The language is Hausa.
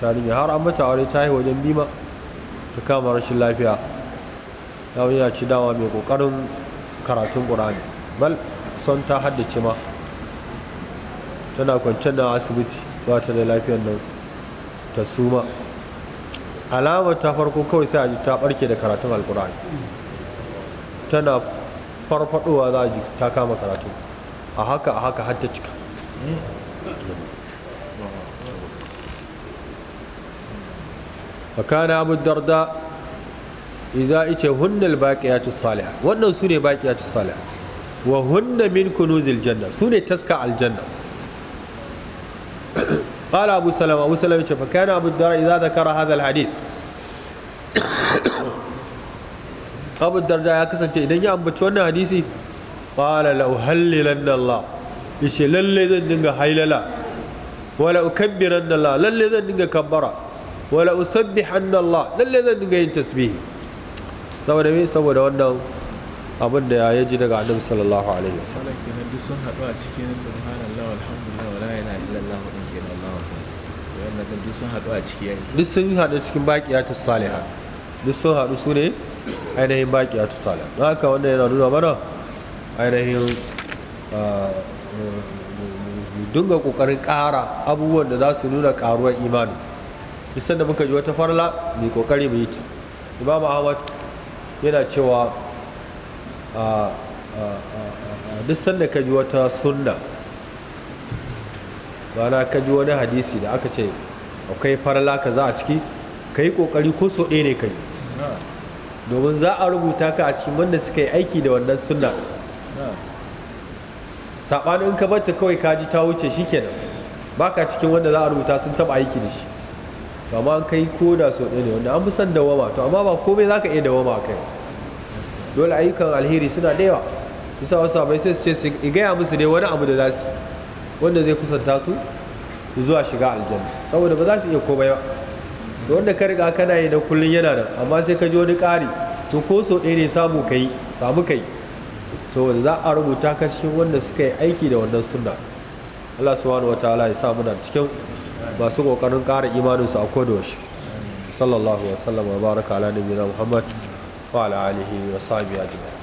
tarihi har an mata aure ta yi wajen bima ta kama rashin lafiya ya wani ci dama mai kokarin karatun ƙur'ani bal son ta haddace ma tana kwancen na asibiti ba ta da lafiyar nan ta suma alamar ta farko kawai sai a ji ta barke da karatun alkur'ani tana farfadowa za a ji ta kama karatu a haka a haka har ta cika hmm. wa kana abu darda iza ice hunnal baqiyatu salihah wannan sune baqiyatu salihah wa hunna min kunuzil janna sune taska aljanna قال أبو سلمة أبو سلمة فكان أبو الدرداء إذا ذكر هذا الحديث أبو الدرداء يكسن تيدنيا أم بتشونا حديثي قال لأهللن الله يشي للذن نغا حيللا ولا أكبرن الله للذن نغا كبرا wala usabbihanna Allah lalle zan dinga yin tasbihi saboda me saboda wannan abin da ya ji daga annabi sallallahu alaihi wasallam kenan duk sun hadu a cikin subhanallah walhamdulillah wala ilaha illallah wa inna Allah wannan duk sun hadu a cikin yayi duk sun hadu cikin baqiyatus salihah duk sun hadu su ne ainihin baqiyatus salihah don haka wannan yana nuna mana ainihin ah, dinga kokarin ƙara abubuwan da za su nuna ƙaruwar imani duk sanda muka ji wata farla mai kokari mu yi ta imamu ahmad yana cewa duk sanda ka ji wata sunna na ka ji wani hadisi da aka ce akwai farla ka za a ciki ka yi kokari ko so ɗaya ne ka yi domin za a rubuta ka a cikin wanda suka yi aiki da wannan sunna saɓanin ka bata kawai ka ji ta wuce shikenan baka cikin wanda za a rubuta sun taɓa aiki da shi to amma an kai ko da sau ɗaya ne wanda an fi son dawama to amma ba komai za ka iya dawama kai dole ayyukan alheri suna da yawa bisa wasu abai sai su ce su gaya musu dai wani abu da za su wanda zai kusanta su zuwa shiga aljanna saboda ba za su iya komai ba to wanda ka riga kana yi na kullum yana nan amma sai ka ji wani ƙari to ko sau ɗaya ne samu kai samu kai to za a rubuta ka cikin wanda suka yi aiki da wannan sunna Allah subhanahu ta'ala ya sa muna cikin masu kokarin kara imaninsu a kodayaushe sallallahu wa sallama baraka ala nabiyina muhammad wa ala alihi wa sahbihi ajma'in